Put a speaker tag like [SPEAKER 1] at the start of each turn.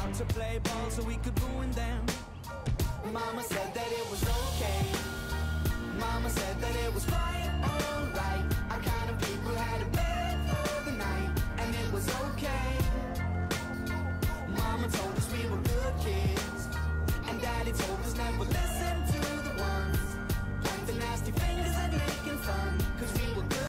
[SPEAKER 1] out to play ball so we could ruin them. Mama said that it was
[SPEAKER 2] okay. Mama said that it was quite alright. Our kind of people had a bed for the night, and it was okay. Mama told us we were good kids, and Daddy told us never.